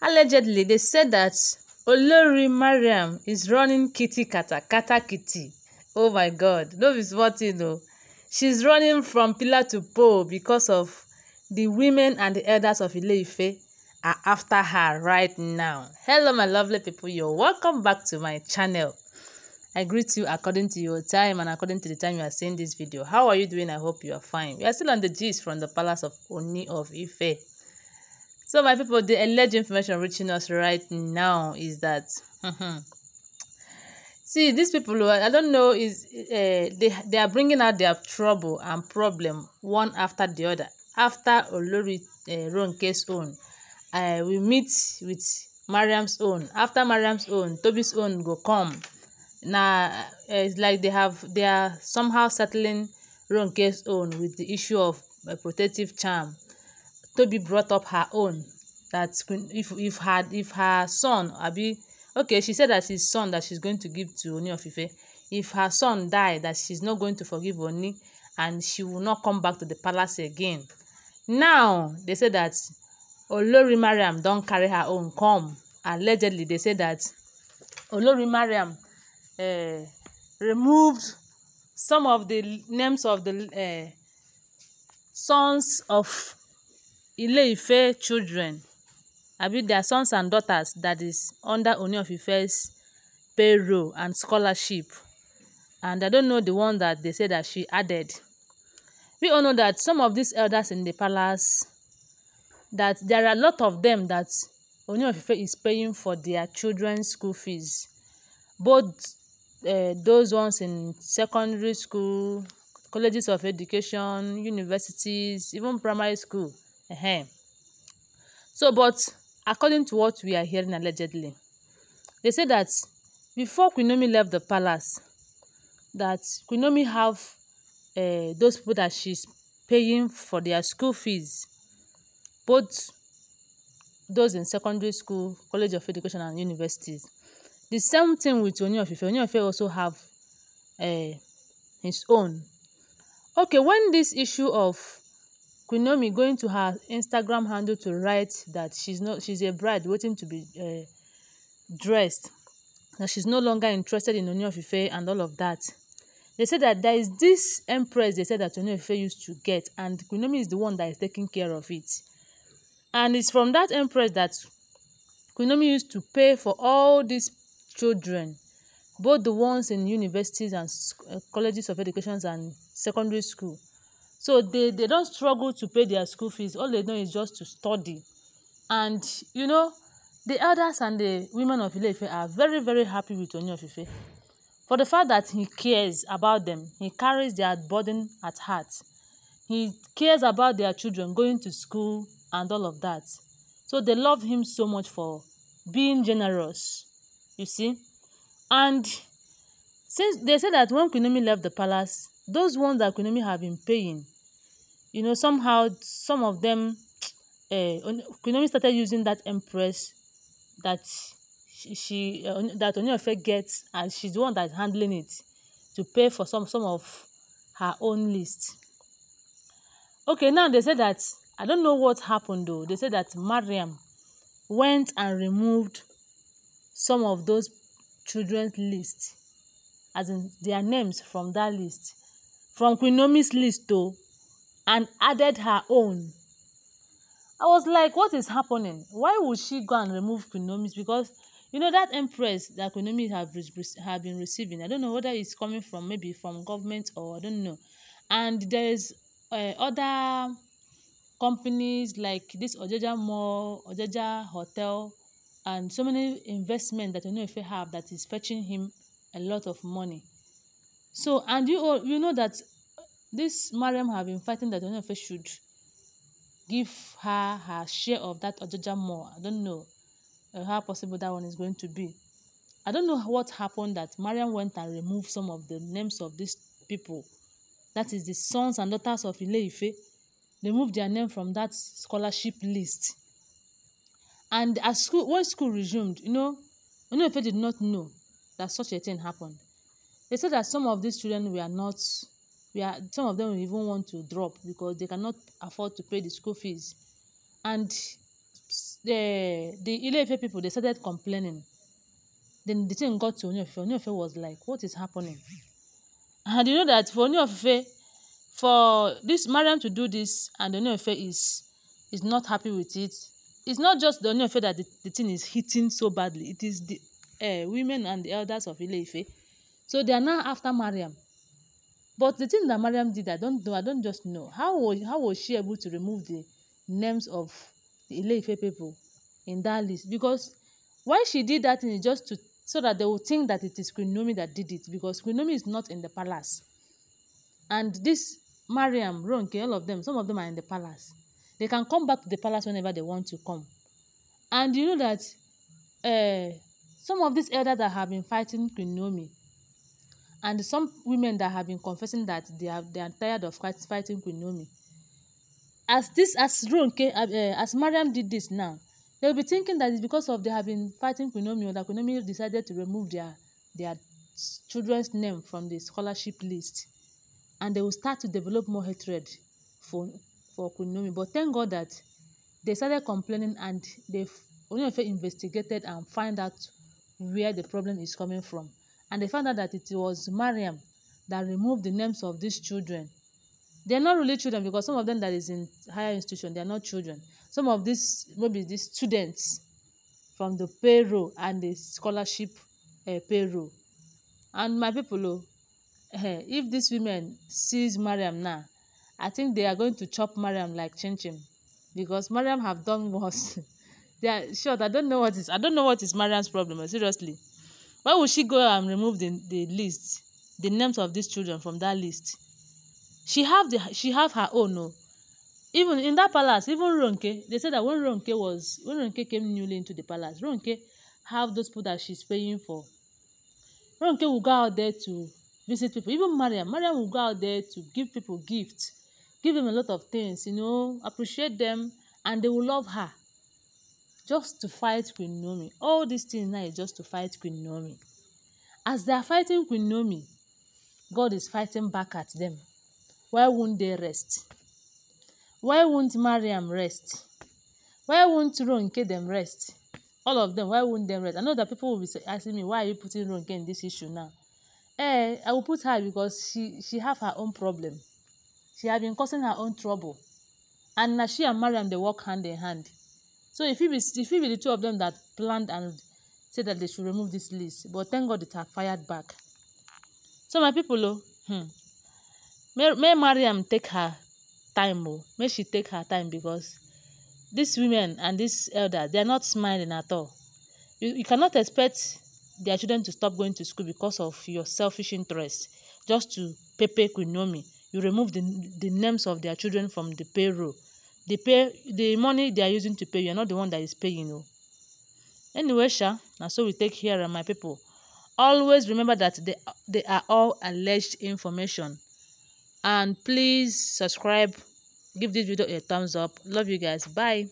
Allegedly, they said that Olori Mariam is running kitty kata kata kitty. Oh my God, no be small thing oo. Oh. She's running from pillar to pole because of the women and the elders of Ile-Ife are after her right now. Hello, my lovely people. You're welcome back to my channel. I greet you according to your time and according to the time you are seeing this video. How are you doing? I hope you are fine. We are still on the gist from the palace of Oni of Ife. So, my people, the alleged information reaching us right now is that. Mm-hmm. See, these people, who I don't know, is uh, they, they are bringing out their trouble and problem one after the other. After Olori uh, Ronke's own, uh, we meet with Mariam's own. After Mariam's own, Toby's own go come. Now, uh, it's like they have they are somehow settling Ronke's own with the issue of a protective charm. Tobi brought up her own that if if her if her son abi okay she said that his son that she's going to give to Oni of if her son die that she's not going to forgive Oni, and she will not come back to the palace again now they say that Olori Mariam don't carry her own come allegedly they say that Olori Mariam uh, removed some of the names of the uh, sons of Ile-Ife children abi their sons and daughters that is under Ooni of Ife's payroll and scholarship. And I don't know the one that they say that she added. We all know that some of these elders in the palace, that there are a lot of them that Ooni of Ife is paying for their children's school fees. Both uh, those ones in secondary school, colleges of education, universities, even primary school. Ehen. So, but according to what we are hearing allegedly, they say that before Queen left the palace, that Queen have uh, those people that she's paying for their school fees, both those in secondary school, college of education and universities. The same thing with Ooni of Ife. Ooni of Ife also have uh, his own. Okay, when this issue of Kunomi going to her Instagram handle to write that she's not she's a bride waiting to be uh, dressed. That she's no longer interested in Oni and all of that. They said that there is this empress they said that Oni used to get and Kunomi is the one that is taking care of it. And it's from that empress that Kunomi used to pay for all these children, both the ones in universities and eh, colleges of education and secondary school so they they don struggle to pay their school fees all they know is just to study and you know the elders and the women of Ile-Ife are very very happy with Ooni of Ife for the fact that he cares about them he carries their burden at heart he cares about their children going to school and all of that so they love him so much for being generous you see and since they say that when Queen left the palace those ones that Kunumi have been paying, you know, somehow some of them, uh, eh, Economy started using that empress that she, she uh, that Onyefe gets, and she's the one that's handling it to pay for some some of her own list. Okay, now they said that I don't know what happened though. They said that Mariam went and removed some of those children's list, as in their names from that list from Quinomi's list though and added her own. I was like, what is happening? Why would she go and remove Quinomi's? Because you know that empress that Konomi have, have been receiving. I don't know whether it's coming from maybe from government or I don't know. And there's uh, other companies like this Ojeja Mall, Ojeja Hotel, and so many investment that you know if you have that is fetching him a lot of money. So and you you know that this Mariam have been fighting that Ooni of should give her her share of that Ojaja more. I don't know uh, how possible that one is going to be. I don't know what happened that Mariam went and removed some of the names of these people. That is the sons and daughters of Ile-Ife. They moved their name from that scholarship list. And as school, when school resumed, you know, Ooni did not know that such a thing happened. They said that some of these children were not we are some of them even want to drop because they cannot afford to pay the school fees and eh, the the ile people they started complaining then the thing got to Oniofife Oniofife was like what is happening and you know that for Oniofife for this Mariam to do this and Oniofife is is not happy with it it's not just the Oniofife that the, the thing is hitting so badly it is the uh, women and the elders of ile so they are now after Mariam But the thing that Mariam did, I don't know. I don't just know. How was how was she able to remove the names of the ile people in that list? Because why she did that is just to so that they will think that it is Queen that did it because Queen is not in the palace. And this Mariam, Ronke, all of them, some of them are in the palace. They can come back to the palace whenever they want to come. And you know that uh, some of these elders that have been fighting Queen and some women that have been confessing that they have they are tired of fighting with Naomi. As this as Ronke uh, as Mariam did this now, they'll be thinking that it's because of they have been fighting with Naomi or that Queen Naomi decided to remove their their children's name from the scholarship list, and they will start to develop more hatred for for Queen But thank God that they started complaining and they Onyefe investigated and find out where the problem is coming from and they found out that it was Mariam that removed the names of these children. They're not really children because some of them that is in higher institution, they are not children. Some of these, maybe these students from the payroll and the scholarship uh, payroll. And my people, uh, if these women sees Mariam now, I think they are going to chop Mariam like chin chin because Mariam have done worse. they are short. I don't know what is I don't know what is Mariam's problem. Eh, seriously, why would she go and remove the, the list, the names of these children from that list? She have the she have her own. No. Oh. Even in that palace, even Ronke, they said that when Ronke was when Ronke came newly into the palace, Ronke have those people that she's paying for. Ronke will go out there to visit people. Even Maria, Maria will go out there to give people gifts, give them a lot of things, you know, appreciate them, and they will love her. just to fight Queen Naomi. All these things now is just to fight Queen Naomi. As they are fighting Queen Naomi, God is fighting back at them. Why won't they rest? Why won't Mariam rest? Why won't Ronke them rest? All of them, why won't they rest? I know that people will be asking me, why are you putting Ronke in this issue now? Eh, I will put her because she she have her own problem. She have been causing her own trouble. And now she and Mariam, they work hand in hand. So if it be, if it be the two of them that planned and said that they should remove this list, but thank God it had fired back. So my people, oh, hmm, may, may Mariam take her time, oh, may she take her time because these women and these elders, they are not smiling at all. You, you cannot expect their children to stop going to school because of your selfish interest. Just to Pepe Kunomi, you remove the, the names of their children from the payroll The pay the money they are using to pay. You are not the one that is paying. You. Anyway, Sha, now so we take here, my people. Always remember that they, they are all alleged information. And please subscribe. Give this video a thumbs up. Love you guys. Bye.